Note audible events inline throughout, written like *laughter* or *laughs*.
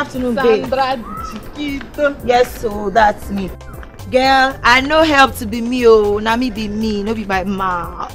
afternoon, babe. Sandra Chiquito. Yes, so that's me. Girl, I no help to be me, oh. Now me be me, no be my ma.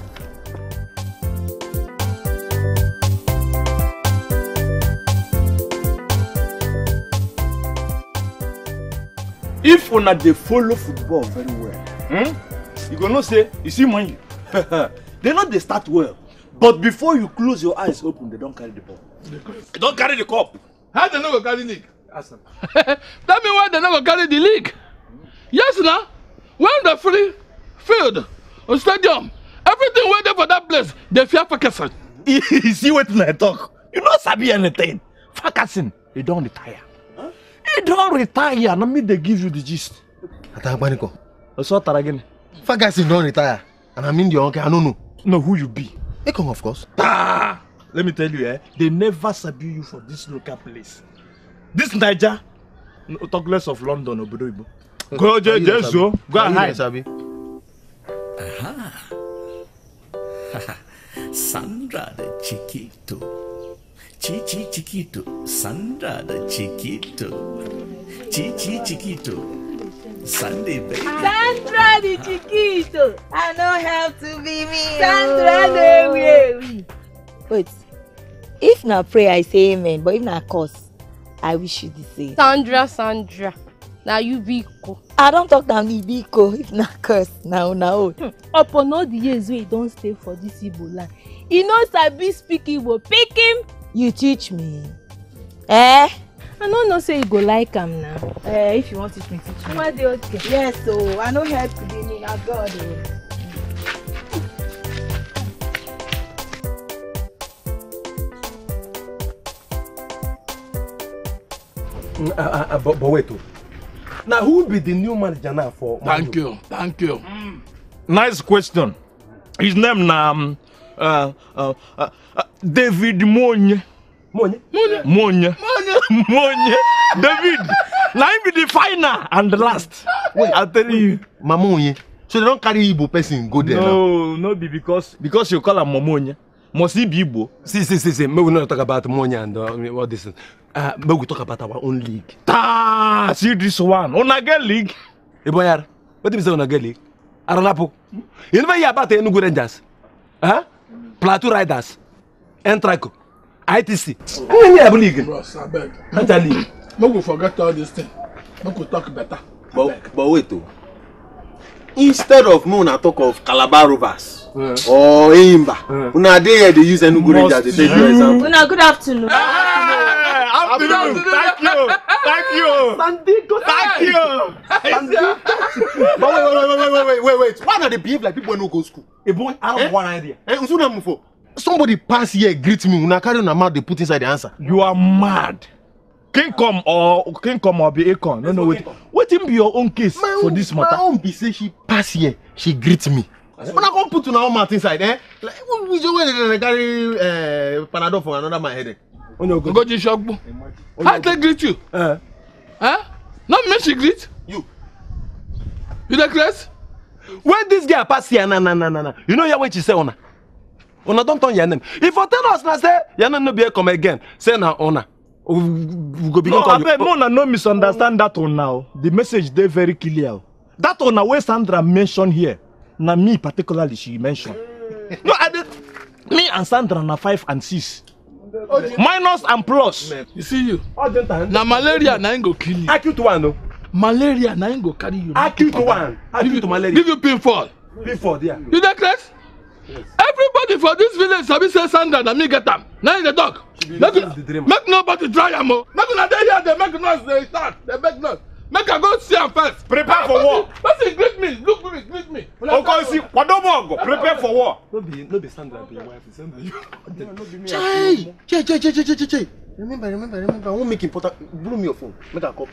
If una dey follow football very well, hmm? you gonna say, you see money. *laughs* they no dey start well. But before you close your eyes open, they don't carry the ball. They don't carry the cup how they no go carry leak ask *laughs* tell me why they no go carry di leak yes na when the free field or stadium everything wey dey for dat place they fear fakassin *laughs* you see wetin i talk you no sabi anything fakassin e don't retire e don't retire na me dey give you the gist atagbaniko ọsọ tara gịnị fakassin don retire and i mean the uncle i no know know who you be ekong of course Ah let me tell you eh they never sabi you for this local place this naija no, talk less of london obodo igbo mm. go je je so go and hide. Aha. *laughs* Sandra the Chiquito. Chichi Chiquito. Sandra the Chiquito. Chichi Chiquito. Sunday baby. Sandra the Chiquito. I don't have to be me. Sandra oh. the Wait if na pray i say amen but if na curse i wish you the same. sandra sandra na you be iko. i don talk na me be iko if na curse na una own. Hmm. upon all the years wey you don stay for this igbo land e no sabi speak igbo pick him. you teach me. Eh? i no know say you go like am na. Uh, if you wan teach me teach me. nwa dey okay. yes o oh, so, i no help today me na god o. Oh. But wait, oh. now who will be the new manager now for? Thank you, thank you. Mm. Nice question. His name na um, uh, uh, uh, uh David Monye. Monye? Monye. Monye. Monye. *laughs* Monye. David. Now he be the final and the last. Wait, I'll tell you. Mama Monye. So they don't carry Igbo person go there no, now? No, be because because you call him Mama Monye. Must he be Igbo? See, see, see, see. Maybe we not talk about Monye and uh, all this. Uh, make we talk about our own league. Ah, see this one. Una get league. Hey, boy, what do you say una get league? Aranapo. You never hear about the Enugu Rangers? Huh? Plateau Riders. Entraco. ITC. How many have league? Bros, I beg. Enter league. Make forget all these things. Don't talk better. But, but wait, though instead of make una talk of calabar rovers yeah. or enyimba yeah. una dey here dey use enugu rangers dey take your example. una good afternoon. Ah, afternoon. afternoon thank you thank you thank you. Sandigo. *laughs* but wait wait wait wait wait wait why una dey behave like people wey no go school. ebon i have eh? one idea. Eh, nsuna mufo. somebody pass here greet me una carry una mouth dey put inside the answer. you are mad kingcom or kingcom or be akon no no wait wetin be your own case my for this matter. my own be say she pass here she greet me una come put una own mouth inside eh like we just wey dey dey carry eh, panadol for another man headache. ngoji sogbu how take greet you. Uh. Eh. Huh? Eh? not me she greet. you you dey craze. when this girl pass here na na na na you know hear wetin she say una una don turn your name if I tell us na say your name no be ekom again say na una. Oh, we go begin no, call you. No, abeg, oh. no misunderstand that one now. The message dey very clear. That one wey Sandra mention here, na me particularly she mention. no, I dey, me and Sandra na five and six. Minus and plus. You see you. Oh, na malaria na im go kill you. Acute one o. Malaria na im go carry you. Acute one. Acute malaria. Give you pinfall. Pinfall there. You dey craze? everybody for this village sabi say sandra na me get am na in the talk make nobody try am o make una dey here dey make noise dey start dey make noise make i go see am first. prepare for war. person greet me look me greet me. okosi kwadomogo prepare for war. no be no be sandra be wife sandra you. chai chai chai chai chai chai chai remember remember remember i won't make important blow me your phone make i call.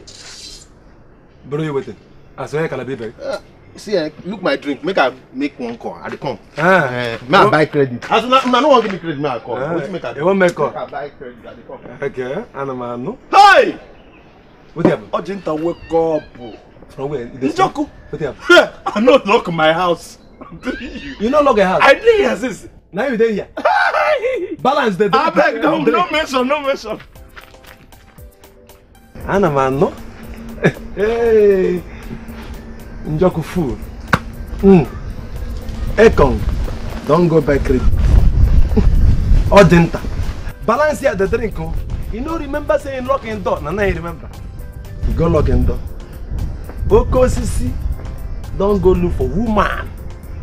bro you I swear, well kana be very. Ah see eh, look my drink make i make one call i dey come. Ah. eh. may i buy credit. Ah. as una una no wan give me credit may i call. Ah. wetin make i do. you make call. make i buy credit i dey come. okay anama anu. hey. wetin happen. ojinta oh, wake up. from where. njoku. wetin happen. i no *laughs* lock my house. you no lock your house. i dey here since. na you dey here. balance dey. abeg no no mention no mention. anama anu. *laughs* hey njoku fool, mm. ekong don't go by credit *laughs* Odenta, oh, balance here the drink oh you know, remember saying lock and door Nana, you remember you go lock and door Oko sisi, don't go look for woman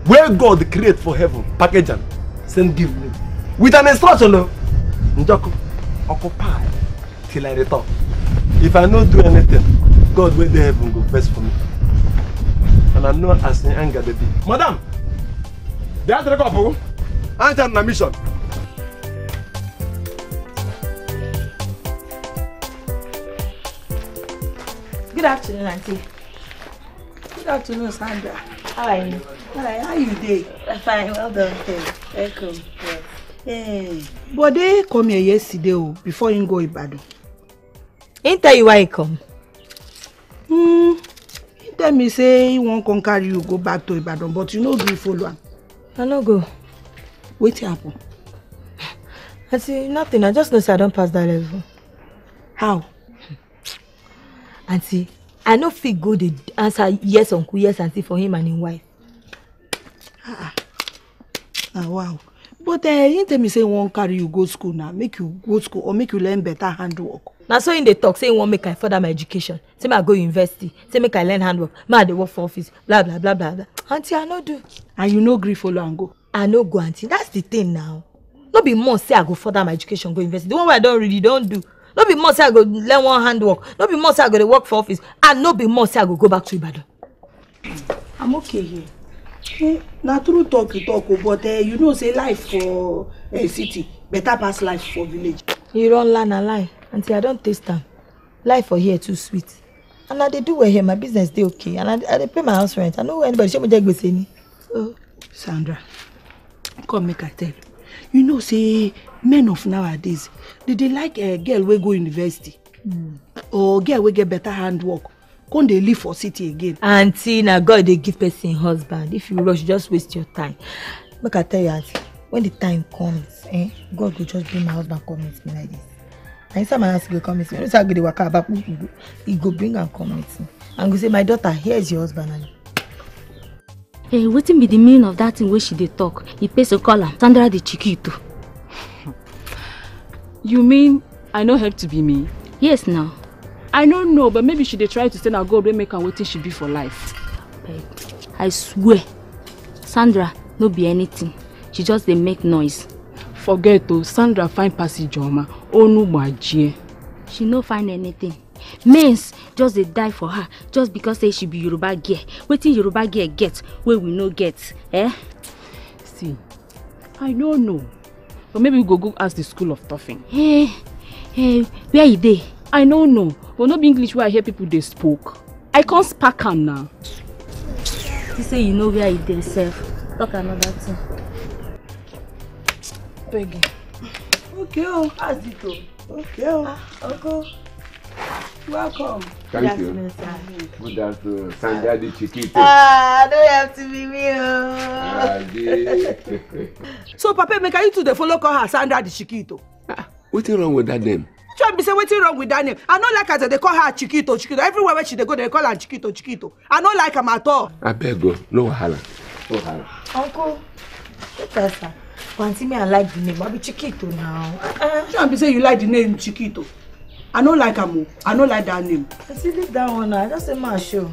Where god create for heaven package am send give me with an instruction o oh. njoku occupy till i return if i no do anything god wey the heaven go vex for me and I know as an anger baby. Madam, the other the couple. Enter oh? on a mission. Good afternoon, Auntie. Good afternoon, Sandra. How are you? Hi, how are you today? Fine, well done. Welcome. Yeah. Hey. But they come here yesterday oh, before you go Ibadan. Ain't that why you come? Hmm tell me say e wan come carry you go back to ibadan but you no gree follow am i no go wetin happen. i see nothing i just know say i don pass that level how aunty i no fit go dey answer yes uncle yes aunty for him and him wife ah ah, ah wow but uh, him tell me say he wan carry you go school now make you go school or make you learn better handwork na so im dey talk say im wan make i further my education say make i go university say make i learn handwork make i dey work for office bla bla bla bla bla aunty i no do. and you no gree follow am go. i no go aunty that's the thing now no be more say i go further my education go university the one wey i don read you don do no be more say i go learn one handwork no be more say i go dey work for office and no be more say i go go back to ibadan. i'm okay here eh, na true talk you talk o but eh, you know say life for eh, city better pass life for village. irọ́ ńlá na lie aunty i don't taste them. life for here too sweet and i they do well here my business dey okay and i dey pay my house rent i know owe anybody shey mo go gbese ni. sandra come make i tell you you know say men of nowadays dey they like a eh, girl wey go university mm. or girl wey get better handwork come they live for city again. Auntie, now god they give person husband if you rush just waste your time make i tell you aunty when the time comes eh god will just bring my husband come meet me like this anytime I ask you to come meet me, I know say I go dey waka about kpukpu, he go bring am come meet me. And go say, my daughter, here is your husband. And Hey, eh, wetin be the meaning of that thing wey she dey talk? He pays to call am Sandra the Chiquito. *laughs* You mean I no help to be me? Yes, now. I no know, but maybe she dey try to say na God wey make am wetin she be for life. Babe, I swear, Sandra no be anything. She just dey make noise forget to sandra find passage oma onugbu ajie. she no find anything Means just dey die for her just because say she be yoruba girl wetin yoruba girl get wey we no get eh. see i no know but maybe we go go ask the school of toughing. eh eh where e dey. i no know but no be english wey i hear people dey spoke i come spark am na. you say you know where e dey sef talk another thing. Peggy. Okay, oh, that's it. Oh. Okay, oh. Ah, uncle. Welcome. Thank yes, you. Minister. Good afternoon. Sandadi Chiquito. Ah, don't have to be me. Oh. Ah, *laughs* so, Papa Emeka, you two the follow call her Sandadi Chiquito. Ah, wetin wrong with that name? Try be say what's wrong with that name. I no like as they call her Chiquito, Chiquito. Everywhere where she they go, they call her Chiquito, Chiquito. I no like am at all. I beg you, oh, no hala, No hala. Uncle, good person. Auntie, me I like the name. I be Chiquito now. Uh-uh. be say you like the name Chiquito. I don't like am I don't like that name. I see leave that one now. Just say ma show.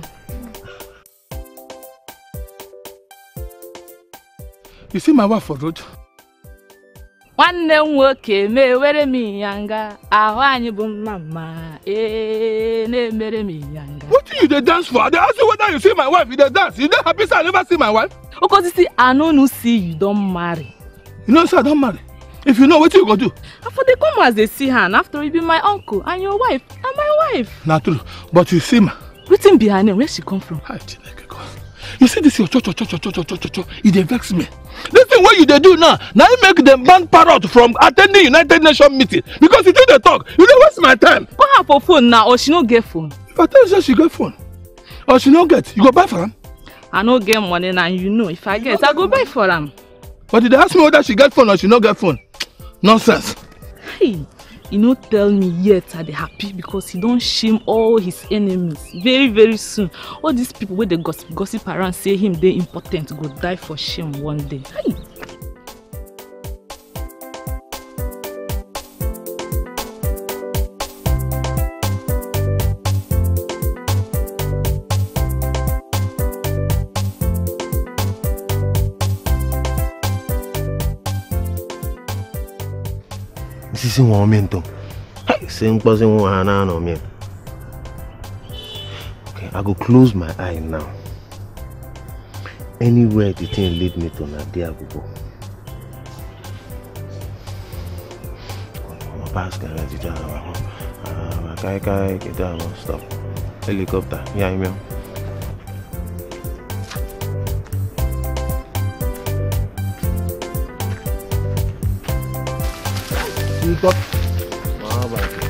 You see my wife for road? nwanne m nwoke ma ewere m ịnyanga ahụ anyị bụ mma mma you dey dance for i dey ask you whether you see my wife you dance you don't happy say i never see my wife Because you see I know you Don't marry you know say i don marry if you know wetin you go do i for dey come as dey see her and after you be my uncle and your wife and my wife na true but you see ma wetin be her name where she come from I hi chineke go. you see this your cho cho cho cho cho cho cho cho cho e dey vex me this thing wey you dey do now na im e make dem ban parrot from attending united nations meeting because you e too dey talk you dey waste my time call her for phone now or she no get phone if i tell you say she get phone or she no get you go buy for am i no get money na you know if i get i go buy for am but you they ask me whether she get phone or she no get phone nonsense. Hey, you no tell me yet are they happy because he don't shame all his enemies very very soon all these people where they gossip gossip around say him they important go die for shame one day. Hey. mkpọsi i go close my eye now anywhere the thing lead me to na there i go My ọmọ báàsì rẹ ti dá àwọn kai, àkàìkàì kẹta àwọn stop helicopter yeah, imel. Yeah, top wah bagus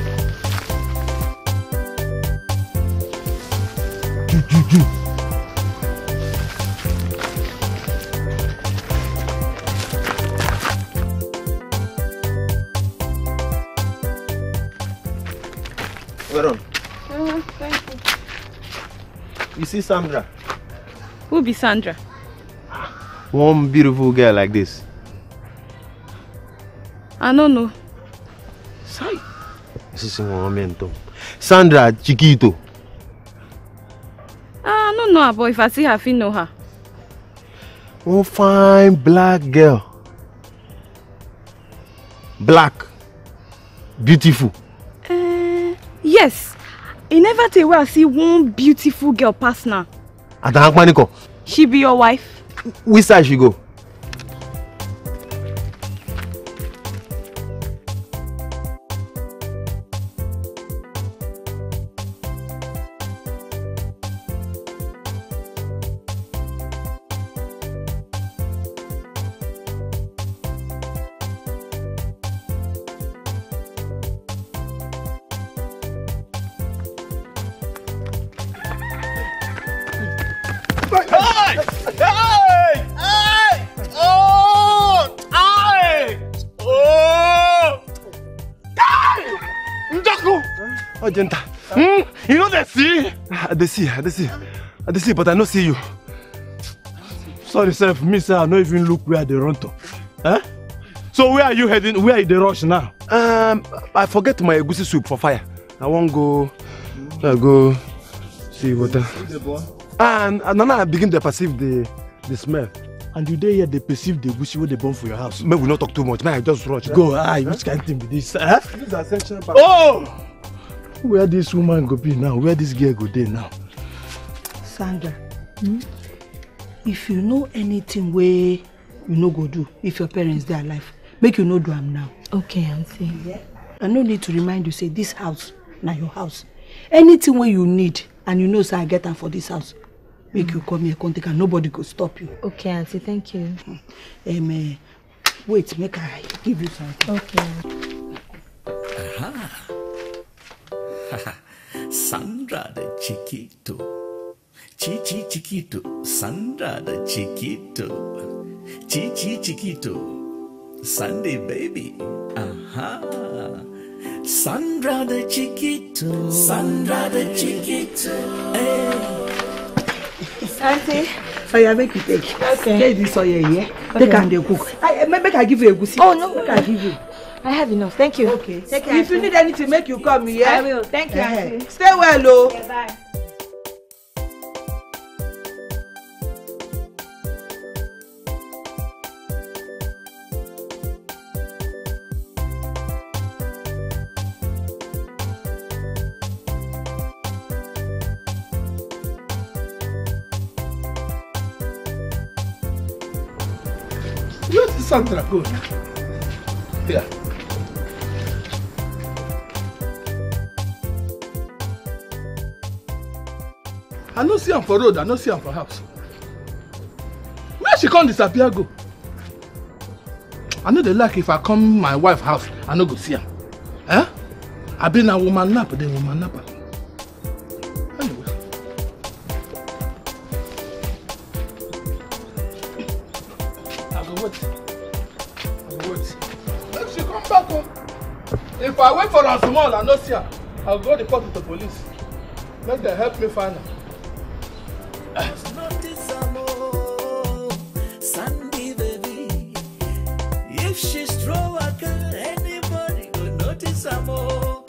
Jujuju. Oh, thank you. You see Sandra? Who be Sandra? One beautiful girl like this. I don't know. momento. Sandra Chiquito. Ah, no know her, ah, but if I see her, I know her. One fine black girl. Black. Beautiful. Uh, yes. I never tey where I see one beautiful girl pass now. At the manico. She be your wife? Which side she go? see, I dey see. I dey see, but I no see you. Sorry, self, me sir, I no even look where I dey run to. Huh? Eh? So where are you heading? Where you the rush now? Um, I forget my goosey soup for fire. I wan go, I go see what. And, and now I begin to perceive the, the smell. and you there here They perceive the goosey what they burn for your house. May we not talk too much May i just rush yeah. go ah which kind of thing be this. Eh? this oh where this woman go be now where this girl go there now. Sandra hmm? if you know anything wey you no go do if your parents dey alive make you no do am now. okay aunty. Yeah. i no need to remind you say this house na your house anything wey you need and you know say i get am for this house make mm. you come here come take am nobody go stop you. okay auntie. thank you. Hmm. Um, uh, wait make i give you something. okay. Aha. *laughs* Sandra the Chiquito. Chichi chiquito, Sandra the chiquito. Chichi chiquito, Sunday baby. Aha. Sandra the chiquito. Sandra the chiquito. Hey. Eh. Auntie. Oh yeah, make you take. Okay. Take this oil here. Okay. Take and cook. I, eh, make I give you a goosey. Oh no. Make I give you. I have enough. Thank you. Okay. Take care. If you need anything, make you come here. I will. Thank you. Uh Stay well, oh. Okay, bye. Sandra, good. Yeah. I no see him for road, I no see him for house. Where she come disappear go? I know dey like if I come my wife house, I no go see him. Eh? I been a woman nap, then woman nap. Olokun. If I wait for Ransomall and no I'll go report to the police. Make them help me find her. Sandy baby, if ah,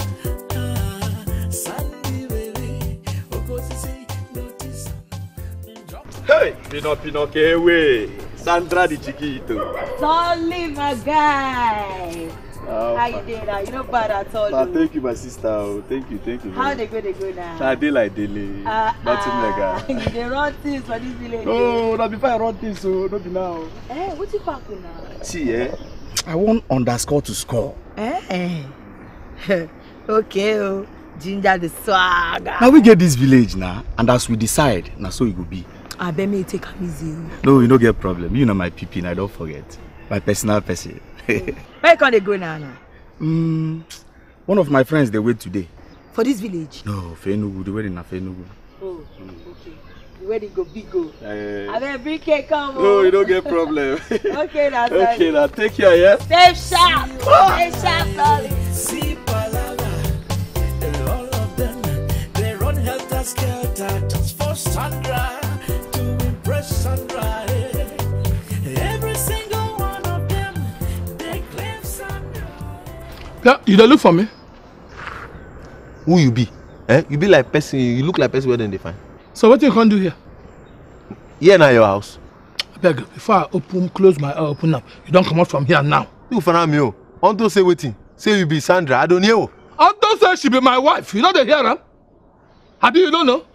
Hey, Pinocchio, Pinocchio, Sandra di Chiquito. Solid, my guy. Ah, How you dey now? You no bad at all. Nah, thank you, my sister. Oh. Thank you, thank you. How they go, they go now? Nah, ah, *laughs* dey like daily. Uh, Nothing uh, like that. you run things for this village. Oh, na before I run things, so oh, not be now. Eh, what you packing now? See, eh? I want underscore to score. Eh? eh. *laughs* okay, oh. Ginger the swagger. Now we get this village now, and as we decide, now so it e will be. I abeg me you take a museum. Oh. no you no get problem you know my pipi na i don't forget my personal person. *laughs* Where can they go now? now? Mm, one of my friends they wait today. For this village? No, Fenugu. The wedding na Fenugu. Oh, okay. The wedding go big go. Yeah. I eh. mean, big cake come. No, oh. you don't get problem. *laughs* okay, that's now. *laughs* Okay, now. Take care, yeah. Stay sharp. Oh. Ah! Stay sharp, darling. See Palana, eh, all of them, they run helter skelter just for Sandra to impress Sandra. Yeah. Yeah, you don't look for me. Who you be? Eh? You be like person, you look like person where then they find. So what you can't do here? Here now your house. I beg, before I open, close my eye, open up. You don't come out from here now. You find me, oh. Unto say waiting. Say you be Sandra, I don't know. Unto say she be my wife. You know they hear her? Huh? Abi, you don't know?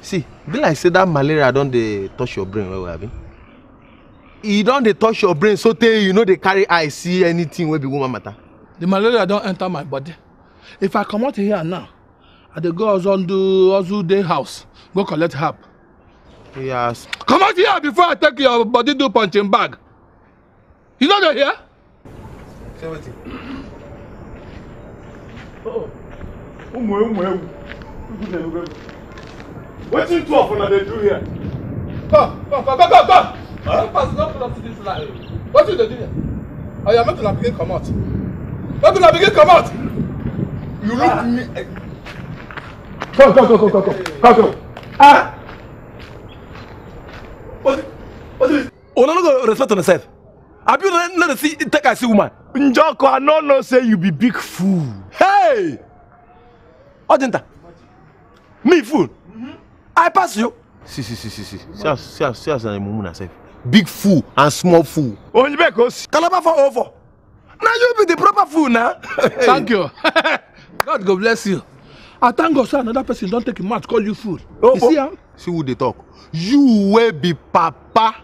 See, be like say that malaria don't they touch your brain well, well abi. E don dey touch your brain so tell you no know, they carry eye see anything wey be woman matter the malaria don enter my body if i comot here now i dey go ozondu ozude house go collect herb. yes. comot here before i take your body do punching bag you no dey hear. say wetin. ụmụ ụmụ ewu ukwu na ewu wetin two of una dey do here. come come come come come. Huh? pass you dey do here. oya oh, make una pikin comot. Make una begin come out. You look ah. me. Come, come, come, come, come, come, come, come. Ah. What? What is? Oh, no go respect on yourself. Have you never seen, see take I see woman? Njoko, I no know say you be big fool. Hey. Ojenta. Me fool. Mm-hmm. I pass you. See, see, see, see, see. See as, see as, see as I mumu myself. Big fool and small fool. Only because. Calabar for over. Now you be the proper fool now. Huh? Thank you. *laughs* God go bless you. I thank God, sir. Another person don't take a match, call you fool. Oh, you see, oh. Huh? See who they talk. You will be Papa,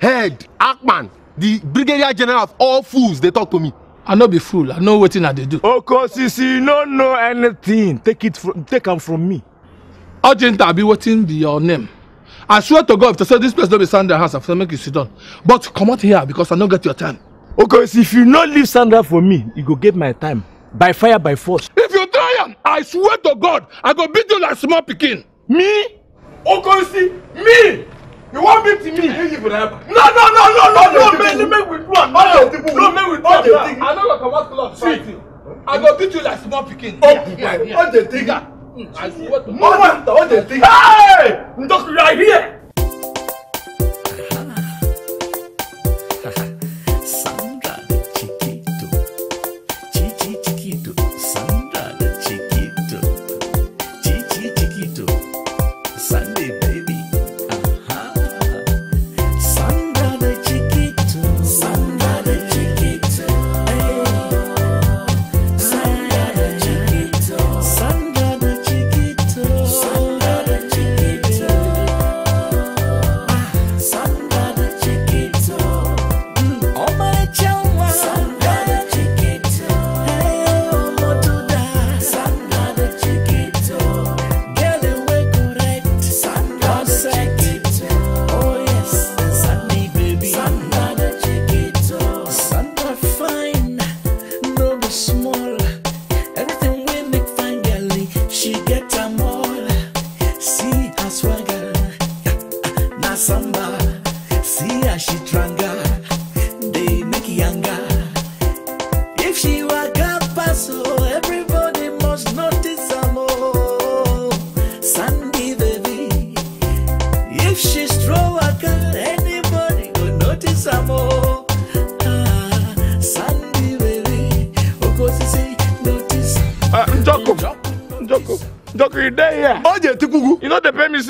head, Ackman, the Brigadier General of all fools. They talk to me. I no be fool. I know wetin I they do. Oh, cause you see, no know anything. Take it from, take them from me. Urgent be waiting be your name? I swear to God, if they say this place don't be Sunday house, I say make you sit down. But come out here because I no get your time. Okay, if you no leave Sandra for me, you go get my time. By fire, by force. If you try am, I swear to God, I go beat you like small pikin. Me? Okosi, me! You wan beat me? No, no, no, no, no, no, man, make we do am. No, no, make we do am. I no go comot club fight you. I go beat you like small pikin. Oh, what the thing? I swear to God. Moment, what the thing? Hey! Ndokuru, I hear!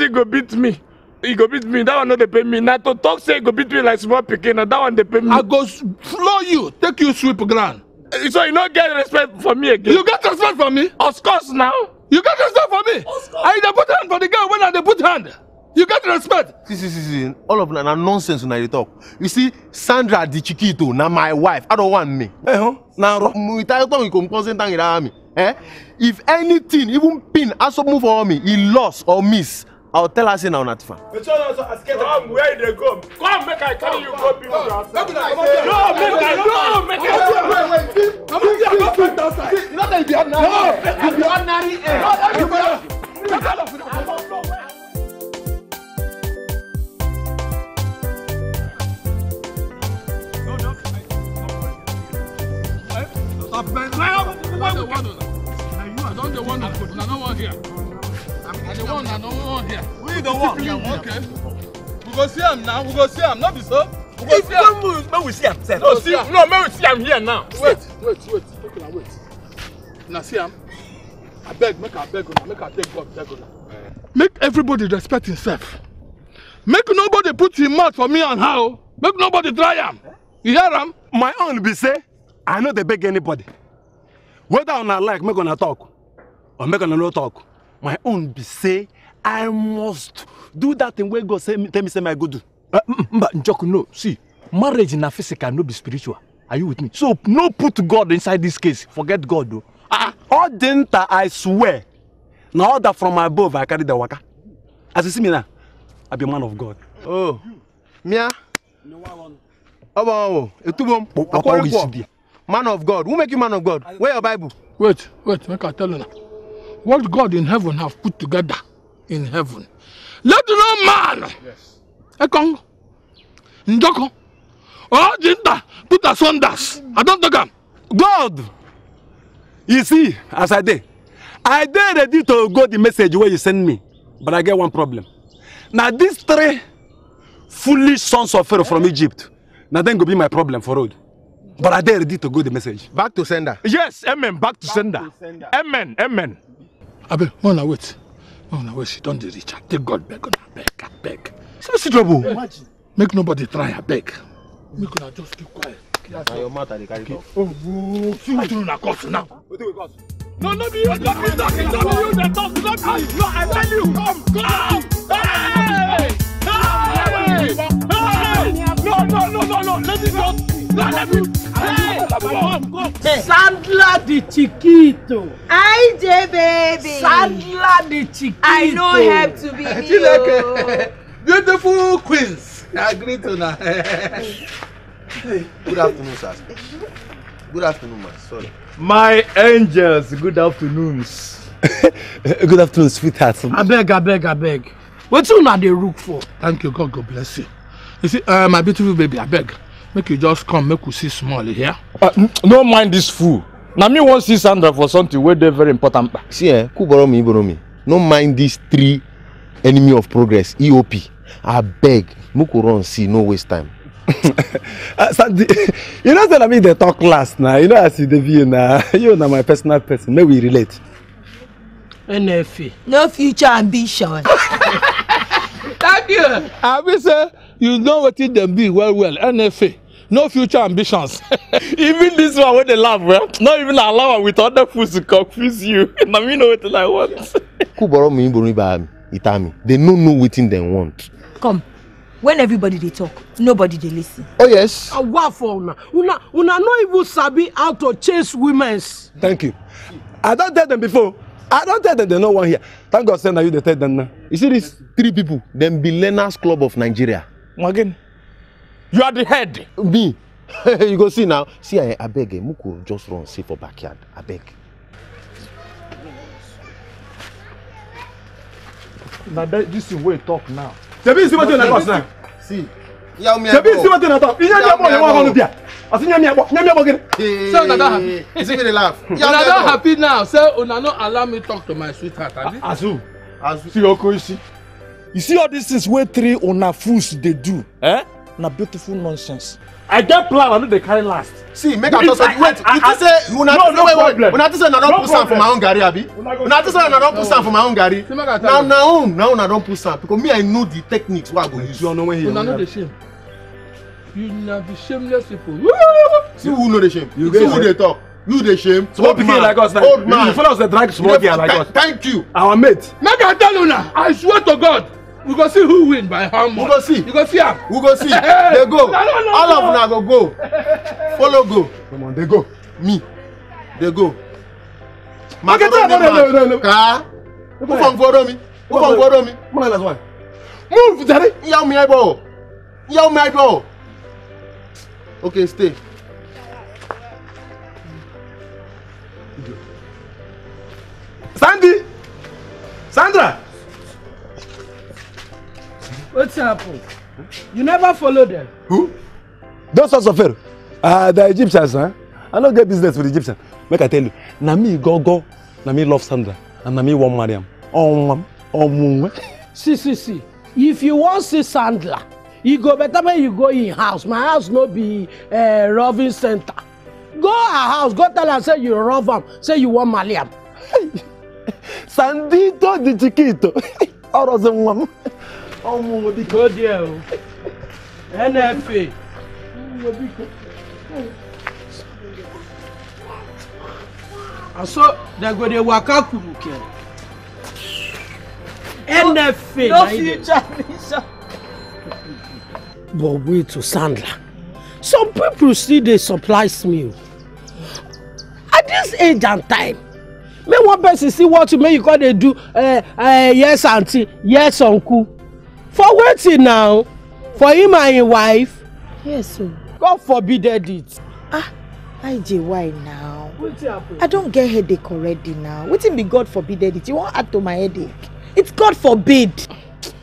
say go beat me He go beat me that one no dey pay me Now to talk say go beat me like small pikin na that one dey pay me. i go floor you take you sweep ground. Eh, so you no get respect for me again. you get respect for me. of course now. you get respect for me. of course. and dey put hand for the girl when I dey put hand. you get respect. see see see see all of na na nonsense una dey talk you see sandra the chiquito na my wife i don't want me. Eh? na muitayotomi composing tangira ami. Eh? if anything even pin move for me He lost or miss I'll tell her say na una tifa. Come where they go. Come make I carry you go build your house. No make I no make I. Wait wait wait. Come here go find outside. You know that you be ordinary. Eh? No, you be ordinary. No, you be ordinary. Now you are not the one who put. Now no one here the one and the one here. We the one. Okay. We go see him now. We go see him. Not be so. We go see him. Move, we see him. No, see, no, move, we see him here now. Wait, wait, wait. People are wait. Now see him. I beg, make I beg una, make I take God beg una. Make everybody respect himself. Make nobody put him mouth for me and how. Oh. Make nobody try him. You hear him? My own be say, I know they beg anybody. Whether on a like, make on talk, or make on no talk my own be say i must do that thing wey god tell me say my go do. Ah, mba njoku no see marriage na physical no be spiritual are you with me so no put god inside this case forget god o. Ah, ah all dinta i swear na order from above i carry the waka as you see me now i be man of god. oh mia ọba ọwọ etubo m akwọrọ ikwo man of god who make you man of god where your bible. wait wait make i tell una what God in heaven have put together in heaven. Let no man ekong njoko or oh, jinta put us asunder. I don't talk am. God, you see, as I did, I dey ready to go the message where you send me, but I get one problem. Now these three foolish sons of Pharaoh from Egypt, Now then, go be my problem for road. But I dare ready to go the message. Back to sender. Yes, amen. Back to, Back sender. to sender. Amen. Amen abeg make una wait make una wait she don dey reach take god beg una beg abeg see see trouble make nobody try abeg make una just keep quiet. na your mouth i dey carry talk. oh boo see wetin una cause now. wetin we cause. no no be you no be talking no be you dey talk no be you i tell you come come. Hey! Hey! Hey! No, no, no, no, no, let me go. No, let me. Hey! Sandler the Chiquito. I J baby. Sandler the Chiquito. I no have to be you. *laughs* Beautiful queens. I agree to now. Good afternoon, sir. Good afternoon, my Sorry. My angels, good afternoons. *laughs* good afternoon, sweetheart. I beg. abeg. you una dey look for? Thank you. God God bless you. You see, uh, my beautiful baby, I beg make you just come make we see small here. Uh, no mind this fool na me wan see sandra for something wey dey very important. see eh who borrow me borrow me no mind dis three enemy of progress eop abeg make we run see no waste time. uh, *laughs* Sandy, *laughs* you know say na me dey talk last na you know as e you dey view na *laughs* you na my personal person May we relate. nfa. no future ambition. thank you. abi say you know wetin dem be well well nfa no future ambitions *laughs* even this one when they laugh well not even allow her with other fools to confuse you *laughs* na me know what i want. *laughs* kúbọ̀rọ̀ mi borí bá ìta mi they no know wetin they want. come when everybody they talk nobody they listen. oh yes. awa ah, for na una una no even sabi how to chase womens. thank you i don't tell them before i don't tell them they no wan here. thank god send na you the tell dem now you see these three people them be learners club of nigeria. Again you are the head. me *laughs* you go see now see i abeg eh muku just run safe for backyard abeg. na dis thing wey you talk now. sebi you see wetin una talk now. see yaw mi ẹgbọ sebi you see wetin una talk iye mi ẹgbọ yẹn wọn kọlu bia asi iye mi ẹgbọ iye mi ẹgbọ gini. say una don happy. see me dey laugh. una don happy now say una no allow me talk to my sweetheart abi. azu azu see okoishi you see all these things wey three una fools dey do. Eh? na beautiful nonsense. i get plan i no dey carry last. see make i talk say wait you think say una No, no, wait wait una think say una don put sand for my own garri abi una think say una don put sand for my own garri na una own na una don put sand because me i know the techniques wey i go use. you know when you una no dey shame you na be shameless people. see who no dey shame you see who dey talk you dey shame small pikin like us old man you follow us dey drag small girl like us. thank you our mate. make i tell una i swear to god we go see who win by how much we go see you go see am we go see dey go all of una go go follow go come on dey go me dey go makoro ni ma ka who from follow me who from follow me move jare yaw mi aibo yaw mi aibo okay stay. Sandy! Sandra! What's happened? You never follow them. Who? Those sorts of Pharaoh. Uh, the Egyptians, huh? I no get business with Egyptians. Make I tell you, na me go go, na me love Sandra, and na me wan marry oh, oh, um, see, see, see. If you wan see Sandra, you go better When you go in house. My house no be uh, roving center. Go her house, go tell her say you rob am, say you want marry am. Sandito di chiquito. Ọrọ *laughs* ṣe nwa m ọmọ obi kan ó di ẹ o nfa aso dagode waka kuru kẹ nfa no future vision. but wait to sandra some people still dey supply me at this age and time may one person see what you may you come dey do uh, uh, yes aunty yes uncle for wetin now for him and him wife. yes o. God forbid it. ah ij why now. i don get headache already now wetin be God forbid it you wan add to my headache it's God forbid.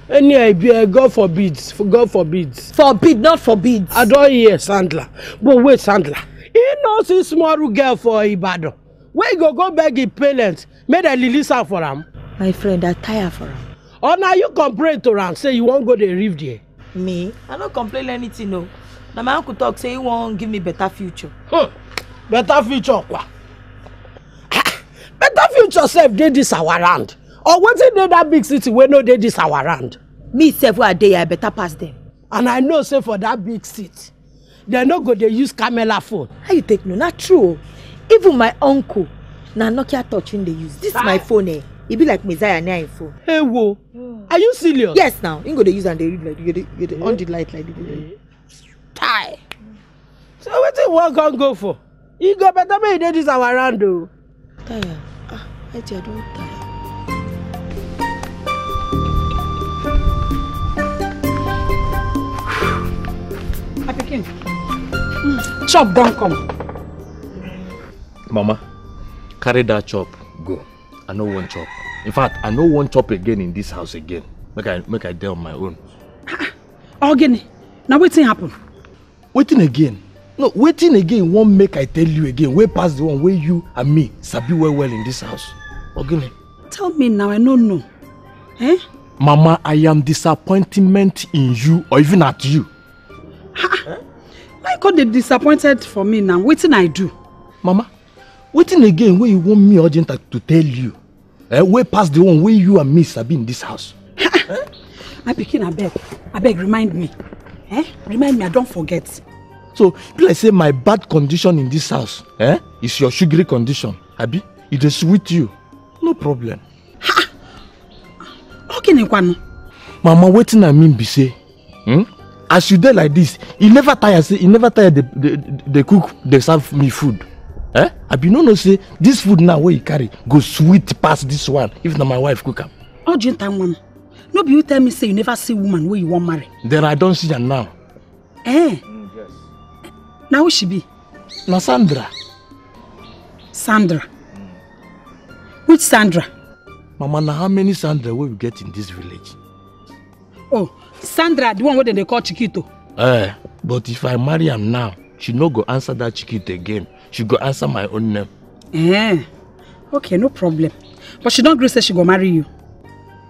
any idea God forbid God forbid. forbid not forbid. i don hear sandler but wait sandler he no see small girl for Ibadan wey go go beg him parents make dem release am for am. my friend i tire for am or na you complain to am say you wan go dey live there. me i no complain anything o na my uncle talk say he wan give me better future. Hmm. better future kwa better future sef dey dis our round or wetin dey dat big city wey no dey dis our round. me sef wey i dey here i better pass dem. and i know say for dat big city dem no go dey use camera phone. how you take know na true o oh. even my uncle na nokia touch him dey use this my ah! phone eh e be like messiah near him phone. hey wo oh. are you serious. yes now him go dey use am dey read like you dey you dey on the light like this. Eh. tai so wetin we wan come go for e go better make e dey this our round o. Oh. tire ah eti i don tire. my pikin mm. chop don come. mama carry dat chop I no want chop. In fact, I no want chop again in this house again. Make I make I die on my own. Ah, ah. Ogene, oh, now waiting happen? Waiting again? No, waiting again won't make I tell you again wey past the one where you and me sabi well well in this house. Ogene. Oh, tell me now, I no know. Eh? Mama, I am disappointment in you or even at you. Ha! Eh? Ah. Why call the disappointed for me now? Wetin I do? Mama, wetin again wey you wan me urgent to tell you eh, wey pass the one wey you and me sabi in this house. eh? my pikin abeg abeg remind me eh? remind me i don forget. so be like say my bad condition in this house eh, is your sugary condition abi e dey sweet you no problem. ha okene kwanu. mama wetin i mean be say hmm? as you dey like this e never tire say e never tire dey cook dey serve me food eh i bin no know say dis food now wey you carry go sweet pass dis one if na my wife cook am oh genta woman no be you tell me say you never see woman wey you wan marry then i don see her now eh Yes. na who she be na sandra sandra which sandra mama na how many sandra wey we get in dis village oh sandra the one wey dem dey call chiquito eh but if i marry am now she no go answer dat chiquito again she go answer my own name. Eh, okay, no problem. But she don't agree say she go marry you.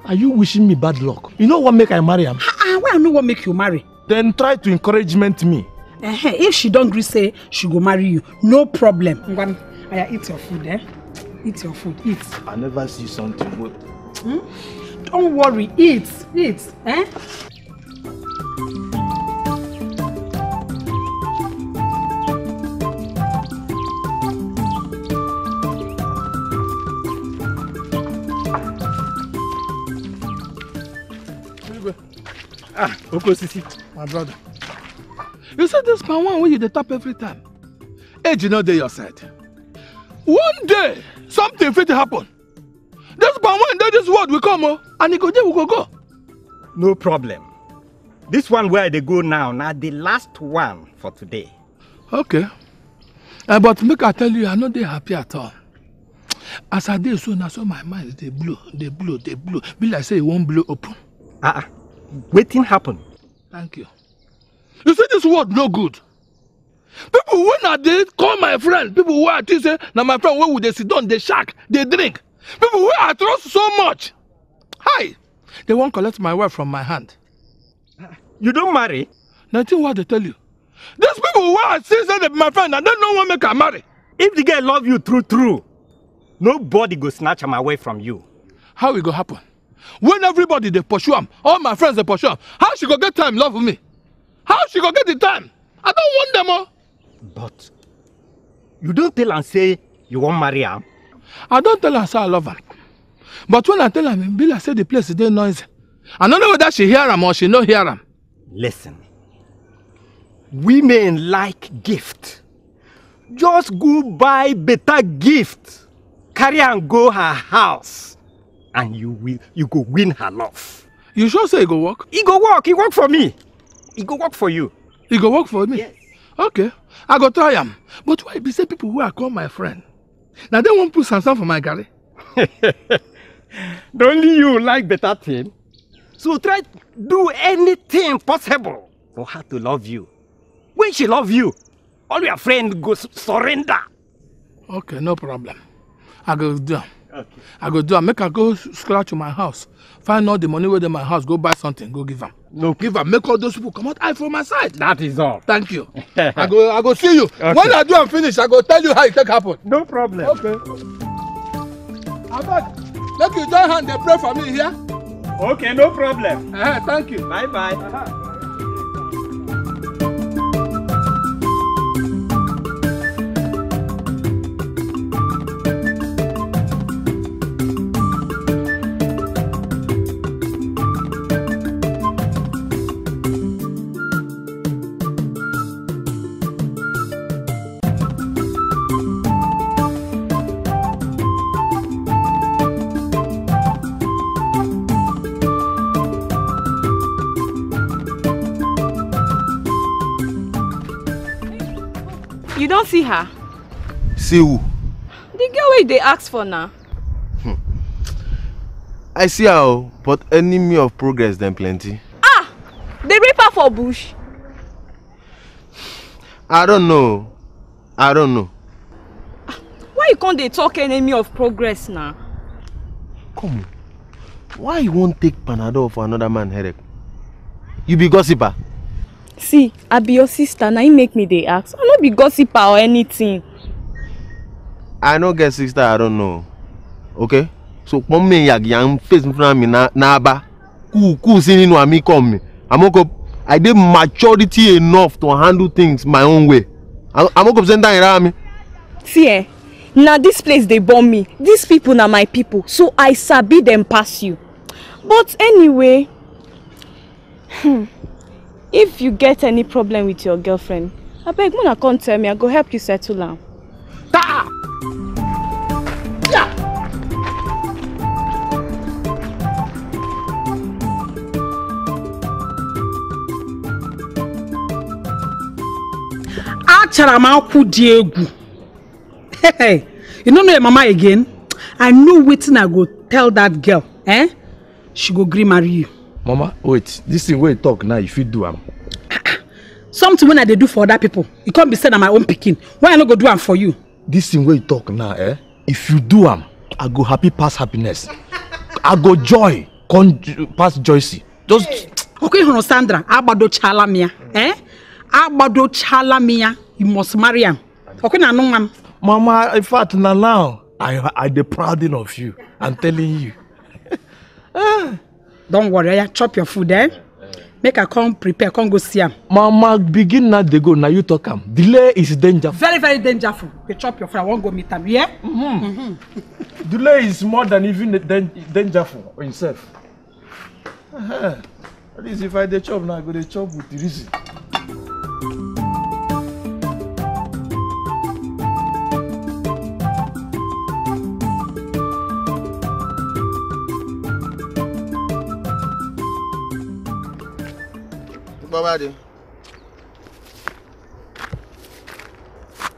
Are you wishing me bad luck? You know what make I marry am? Ah, uh, uh, I know what make you marry. Then try to encouragement me. Uh If she don't agree say she go marry you, no problem. Ngwan, I eat your food, eh? Eat your food, eat. I never see something good. Hmm? Don't worry, eat, eat, eh? Ah, Okosisi, my brother. You said this man one way you dey tap every time. Age you know they your side. One day, something fit happen. This man one day this word will come, oh, and he go there, we go go. No problem. This one where they go now, now the last one for today. Okay. Uh, but make I tell you, I no dey happy at all. As I dey so, na so my mind they blow, they blow, they blow. Be like say e wan blow open. Ah, uh -uh waiting happen. Thank you. You see, this world no good. People when I did call my friend, people who I think say na my friend where would they sit down They shark, they drink. People wey I trust so much. Hi, they won't collect my wife from my hand. You don't marry? Nothing what they tell you. These people who I see say be my friend and they no wan make I marry. If the girl love you true true, nobody go snatch am away from you. How it go happen? when everybody dey pursue am all my friends dey pursue am how she go get time love me how she go get the time i don want dem o. Oh. but you don tell am say you wan marry am. i don tell am say i love am but when i tell am e be like say the place dey noisy i no know whether she hear am or she no hear am. listen women like gift just go buy better gift carry am go her house. and you will you go win her love you sure say it go work? It go work It work for me It go work for you It go work for me? yes okay i go try am but why be say people who i call my friend Now they won't put sansan for my galley. do only you like better thing so try do anything possible for her to love you when she love you all your friend go surrender okay no problem i go do i go do am make i go scratch my house find all the money wey dey my house go buy something go give am no give am make all those people comot eye from my side. that is all. thank you *laughs* i go i go see you okay. when i do am finish i go tell you how e take happen. no problem. okay abeg make you join hand dey pray for me here. okay no problem. Uh eh, -huh, thank you. bye bye. Uh -huh. see her. See who? The girl wey dey ask for na. Hmm. I see her oo but enemy of progress dem plenty. Ah! Dey rape her for bush? I don't know. I don't know. Why you come dey talk enemy of progress na? Come. Why you wan take Panadol for another man headache? You be gossiper? see i be your sister na im make me dey ask i no be gossiper or anything. i no get sister i don't know okay so pọn me yàgìyà ń face fúnra mi n'aba kú kú sí nínú àmì kọ mi àmọkọ i dey maturity enough to handle things my own way àmọkọ sẹńtà yẹn rárá mi. see eh na dis place dey born me dis people na my people so i sabi dem pass you but anyway. Hmm if you get any problem with your girlfriend abeg una come tell me i go help you settle am. taa ah! achara m akwụ dị egwu you no know your mama again i know wetin i go tell that girl eh? she go gree marry you mama wait This thing wey you talk now you fit do am something wey i dey do for other people e come be say na my own pikin why i no go do am for you This thing wey you talk now eh if you do am i go happy pass happiness i go joy con pass joyce just okay, hụrụ sandra agbadochala m ya eh agbadochala m ya you must marry am Okay, na anụ nwa mama in fact na now i i dey proud of you i'm telling you. *laughs* Eh don't worry yeah, chop your food eh make i come prepare come go see am. mama begin now. They go Now you talk him. delay is dangerful. very very dangerous. dey chop your friend. i wan go meet him. Yeah. Mm -hmm. mm -hmm. delay is more than even dan dangerful himself. at least if i dey chop now i go dey chop with the reason. Babadi.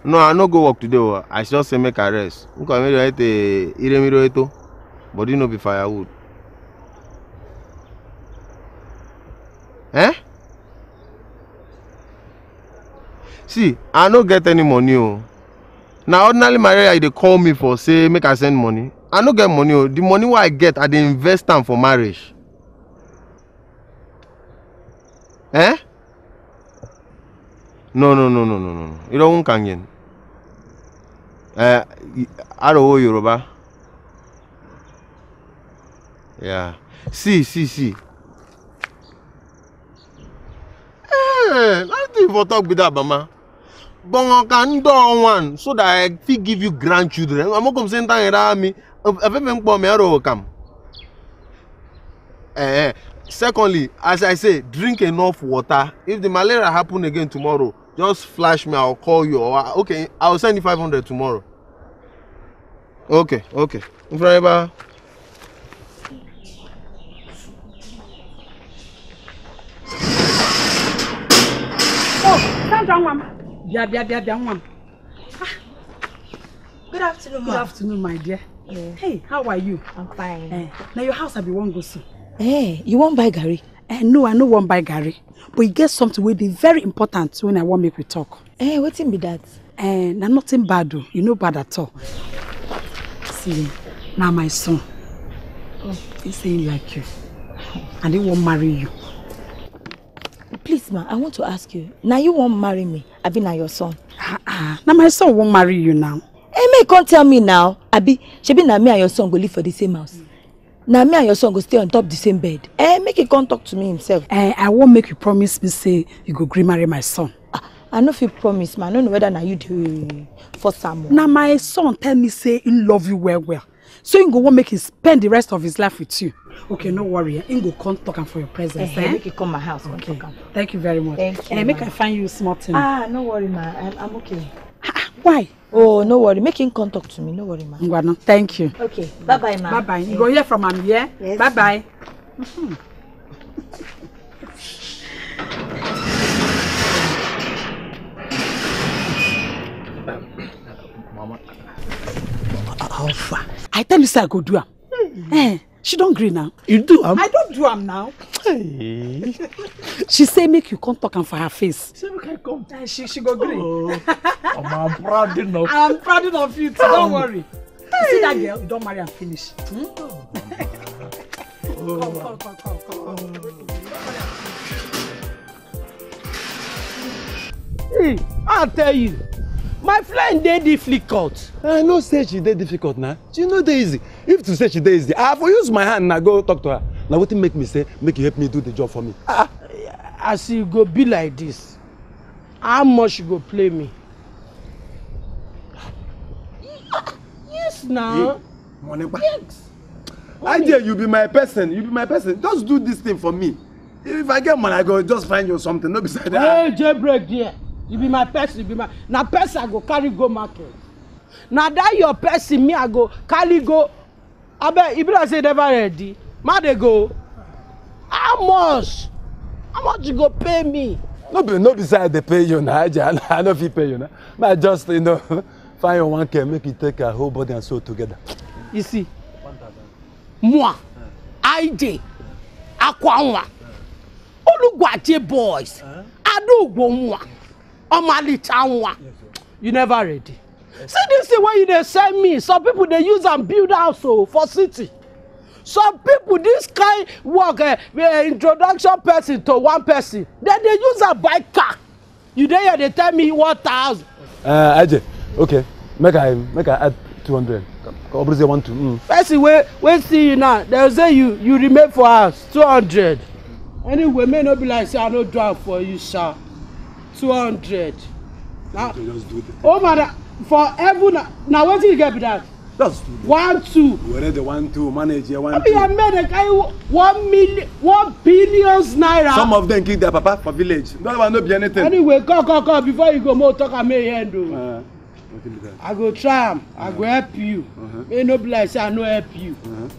No, I no go work today. Oh. I just say make a rest. arrest. Nko mi do ete iremiro eto. you no be firewood. Eh? See, I no get any money Oh, now ordinarily Maria they call me for say make I send money. I no get money Oh, The money what I get I dey invest them for marriage. 에? 노노노노노노 이런 강연 에 아로 요로바 야 시시시 에 láti ìfọ̀tọ̀ gbìdá bàmá bọ̀ngàn kan ń dọ̀ wọn so that I fit give you grandchildren amókòm sí ń tàn yẹn rárá mi ẹ̀fẹ́ mi ń pọ̀ mi ẹ̀rọ òkàm secondly as i say drink enough water if the malaria happen again tomorrow just flash me i will call you or uh, okay i will send you five hundred tomorrow okay okay nfraniba. oh sandra nwam bia bia bia bia nwam ah good afternoon ma good afternoon my dear yeah. hey how are you i'm fine eh, na your house i be one go soon. Hey, eh, you won't buy Gary. Eh, no, I no won't buy Gary. But e get something wey dey very important when I want make we talk. Eh, in be that? Eh, na nothing bad o. You know bad at all. See, now my son. Oh. He say like you. And he won't marry you. Please, ma, I want to ask you. Now you won't marry me? Abi na your son? Ah, ah. Now my son won't marry you now. Eh, make come tell me now. Abi, she be now me and your son go live for the same house. Now me and your son go stay on top the same bed eh make he come talk to me himself. Eh, i won't make you promise me say you go gree marry my son. Ah, i know if you promise ma i don't know whether na you dey force am. Now my son tell me say he love you well well so you go won't make he spend the rest of his life with you. okay no worry he go come talk am for your presence. Eh, eh? eh? make he come my house okay. talk am. thank you very much. thank you eh, make i find you smart. ah no worry ma i'm, I'm okay. Ah, why oh no worry make him come talk to me no worry ma. ngwana thank you. okay bye bye ma. bye bye you go hear from him here. yes bye bye. Mm-hmm. mama. how far. i tell you sir, i go do am. Mm -hmm. eh she don't gree now you do am i don't do am now hey. she say make you come talk am for her face say make i come she she go gree oh, i'm proud enough i'm proud enough you too don't um, worry hey. see that girl you don't marry and finish hmm? oh. come come come come come come. Hey, I tell you, my friend dey difficult. i know say she dey difficult na she no dey easy if to say she dey easy i for use my hand na go talk to her na wetin make me say make you help me do the job for me. Ah. ah. as e go be like this how much you go play me. yes na. money pa. yes. idea you be my person you be my person just do this thing for me if i get money i go just find you something no be like that. hey jailbreak there you be my person you be my na person i go carry go market na that your person me i go carry go abeg e be like say you never ready ma dey go how much how much you go pay me. no be no be say i dey pay you na aja *laughs* i no fit pay you na ma just you know *laughs* find your one care make you take your whole body and soul together. you see moi aide akwanwa olugwaje boys eh? adogbo nwa. Uh -huh omali chanwa you never ready see this? thing wey you dey sell me some people they use and build also oh, for city some people this kind work eh, eh, introduction person to one person Then they use a bike car you there? here dey tell me what thousand? Uh, eh, aj okay make i make i add 200 obrisi one two. Mm. person wey wey see you now dem say you you remain for house 200 anyway may not be like say i no drive for you sir two hundred. oh mother! for every now, what wetin you get with that. That's too One two. Where the one two manager one I mean, I mean, they carry one million, one billion naira. Some of them kill their papa for village. That one no be anything. Anyway, come come come before you go more talk am here end o. I go try am. I go uh-huh. help you. Uh -huh. May no bless, I no help you. Uh -huh.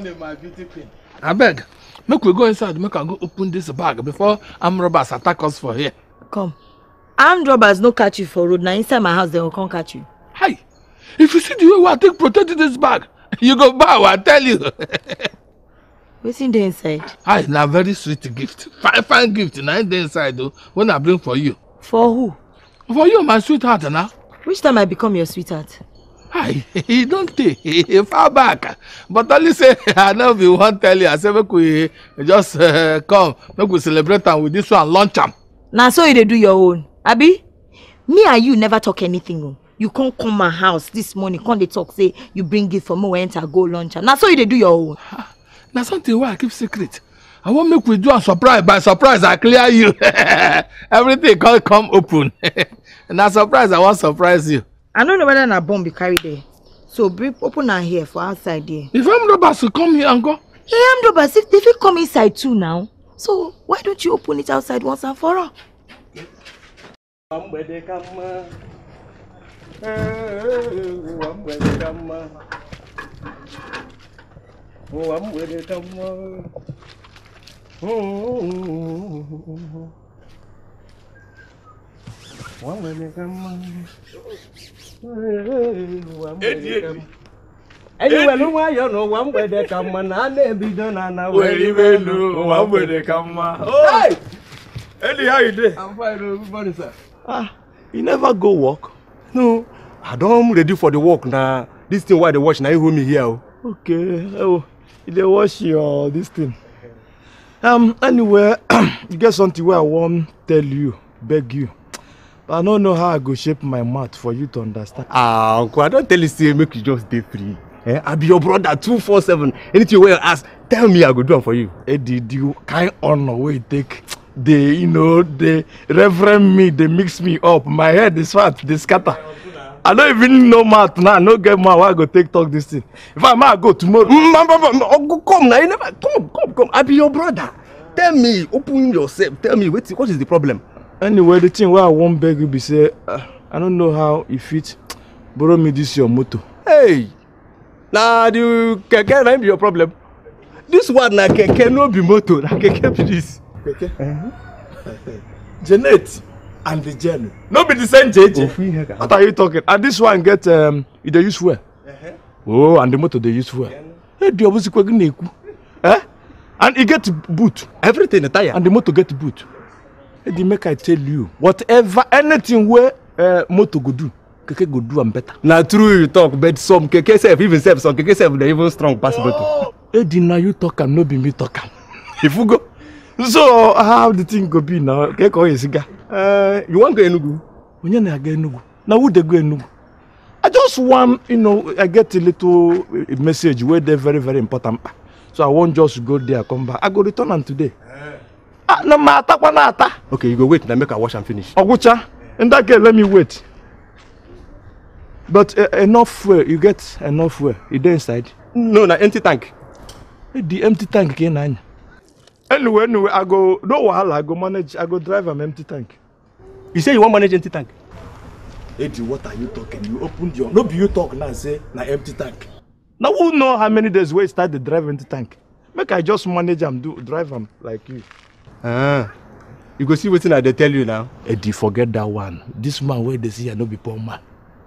money, my beauty queen. I beg. Make we go inside, make I go open this bag before armed robbers attack us for here. Come. Armed robbers no catch you for road. Now inside my house, they will come catch you. Hey, If you see the way I take protect this bag, *laughs* you go bow, I tell you. What's in the inside? Hi, now very sweet gift. Fine, fine gift. Now in the inside, though, when I bring for you. For who? For you, my sweetheart, now. Which time I become your sweetheart? *laughs* e don tey e far back but only say i no bin wan tell you i say make we just uh, come make we celebrate am with this one launch am. na so you dey do your own abi me and you never talk anything o oh. you come come my house this morning come dey talk say you bring gift for me we enter go launch am na so you dey do your own. na something wey i keep secret i wan make we do am surprise by surprise i clear you *laughs* everything come come open *laughs* na surprise i wan surprise you. I don't know whether na bomb be carried there. So bring open am here for outside there. If I'm will come here and go. Yeah, I'm If they fit come inside too now. So why don't you open it outside once and for all? Oh, I'm with it. I'm with it. One way, come on enyiwe na nwa ayọ na ụwa mgbede ka mma na a na-ebido na na were ibe elu ụwa mgbede ka mma Eli, how you doing? I'm fine, everybody, sir. Ah, you never go work? No, I don't ready for the work now. this thing why they dey watch na you hold me here oh. Okay, oh, they dey watch your this thing. Um, anyway, *clears throat* you get something where I wan tell you, beg you i no know how i go shape my mouth for you to understand. ah uncle i don't tell you say make you just dey free eh? i be your brother two four seven anything you wey you ask tell me i go do am for you. edi eh, the kind honour wey you take dey you know dey reverend me dey mix me up my head dey fat dey scatter i no even know mouth now i no get mouth why i go take talk this thing if i ma go tomorrow. mma mma mma uncle mm, mm, mm, come now, you never come come come i be your brother tell me open yourself tell me wait. what is the problem anyway the thing wey i wan beg you be say uh, i no know how you fit borrow me this your motor. hey na the keke na be your problem this one na keke no be motor na keke be this. keke uh-huh. janet and the jen no be the same jeje oh, what are you talking and this one get um, e dey use fuel uh -huh. oh and the motor dey use fuel hey di obusikwe gị na-ekwu eh and e get boot everything tire and the motor get boot. Eddie, make I tell you, whatever, anything where uh, eh, motor go do, keke go do am better. Na true you talk, but some keke sef, even sef, some keke sef dey even strong pass oh. motor. Eddie, na you talk am, no be me talk *laughs* If you go, so how the thing go be now? Keke oye siga. Uh, you wan go Enugu? Onye na go Enugu. Now who they go Enugu? I just want, you know, I get a little eh, message where they're very very important. So I won't just go there, come back. I go return on today. Yeah na ma atakwa na okay you go wait na make i wash and finish ọgwụcha in that case, let me wait but uh, enough fuel you get enough fuel you dey inside no na empty tank the empty tank ka ị anyway anyway i go no wahala i go manage i go drive an empty tank you say you want manage empty tank Eddie, what are you talking? You opened your... No be you talk now, say, na empty tank. Now who know how many days we start the drive empty tank? Make I just manage and do drive am like you ah you go see what i dey tell you now. eddie forget that one this man where they see I no be poor man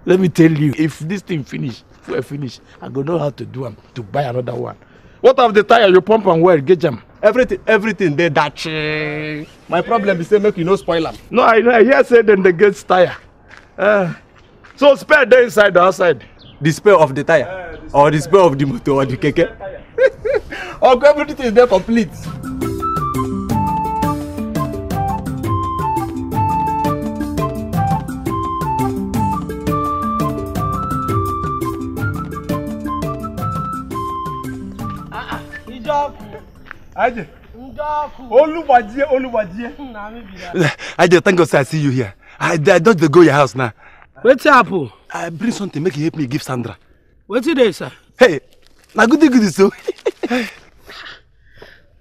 let me tell you if this thing finish fuel finish i go know how to do one to buy another one what of the tire you pump and wear? Get them everything everything dey dachi my problem is they make you no spoil them. no i know i hear say dem they get tire uh, so spare dey inside the outside. the spare of the tire uh, the or the spare of the motor or the keke *laughs* ogo everything is there complete. Aje. Oluwaje, Oluwaje. Hmm, Aje, thank God, sir, I see you here. I, I don't go your house now. What's up? I bring something, make you help me give Sandra. What's it, sir? Hey, now good good so. *laughs*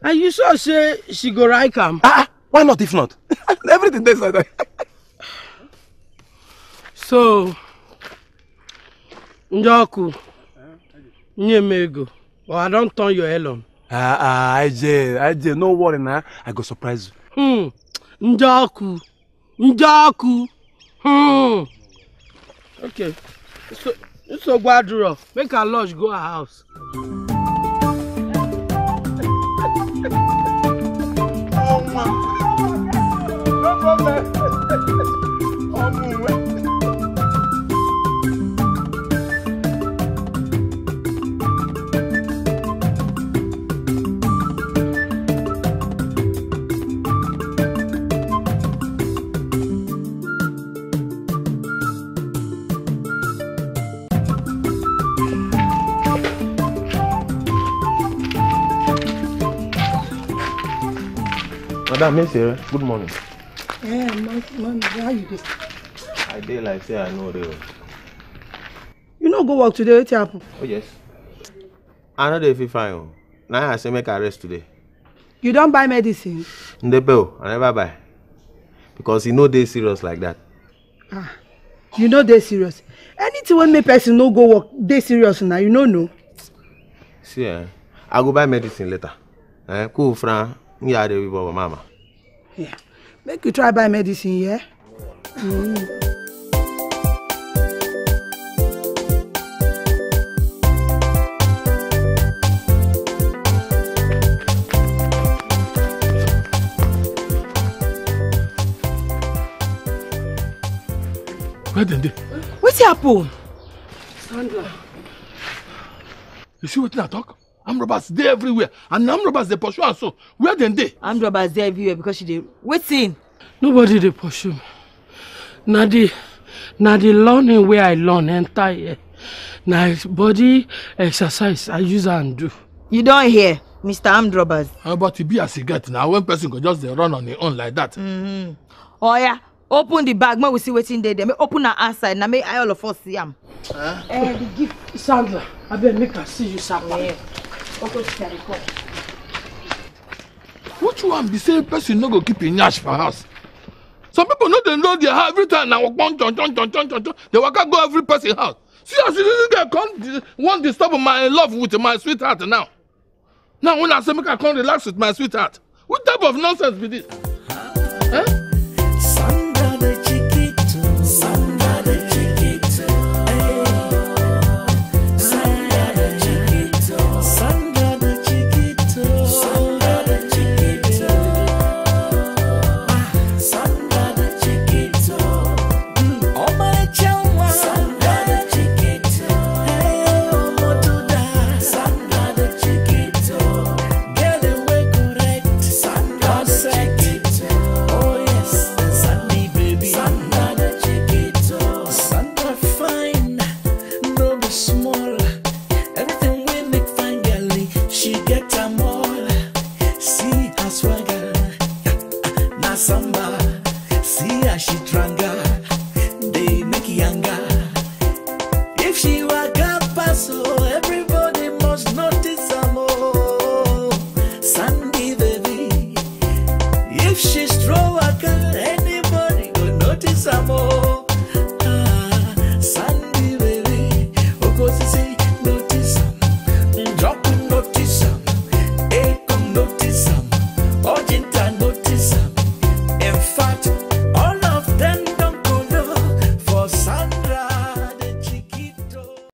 Are you sure say she go right come? Ah, ah, why not if not? *laughs* Everything there, sir. *laughs* so, Njoku, nye me ego. Or I don't turn your hell on. Ah, ah, IJ, IJ, no worry now. Nah. I go surprise you. Hmm. Njoku. Njoku. Hmm. Okay. So, so Guaduro, make her lodge, go her house. *laughs* oh, man. No problem. Oh, man. *laughs* madam miss here good morning Hey, eh, morning how you dey i dey like say i know dey you no go work today wetin happen. oh yes i know they feel fine o na i say make a rest today you don't buy medicine ndepe o i never buy because e no dey serious like that. ah you no dey serious anything when me person no go work dey serious now, you no know. see eh i go buy medicine later eh cool friend me had a baba mama. Yeah. Make you try buy medicine, yeah? Mm-hmm. Where them dey? Wetin happen? Sandra. You see wetin I talk? armed robbers dey everywhere and armed robbers dey pursue am so where dem dey. armed robbers dey everywhere because she dey wetin. nobody dey pursue me na the na the learning wey i learn enter here na body exercise i use am do. you don hear mr armed robbers. Uh, but e be as e get na when person go just dey run on im own like that. Mm -hmm. oya oh, yeah. open the bag make we see wetin dey there make open am outside na make all of us see am. Eh? Eh, the gift sandra abeg make i see you sapa. Yeah. Which one be say person no go keep in yash for house? Some people know they know their house every time now chon chon chon chon chon chon. They waka go every person house. See as this girl come want disturb my love with my sweetheart now. Now when I say make I come relax with my sweetheart. What type of nonsense be this?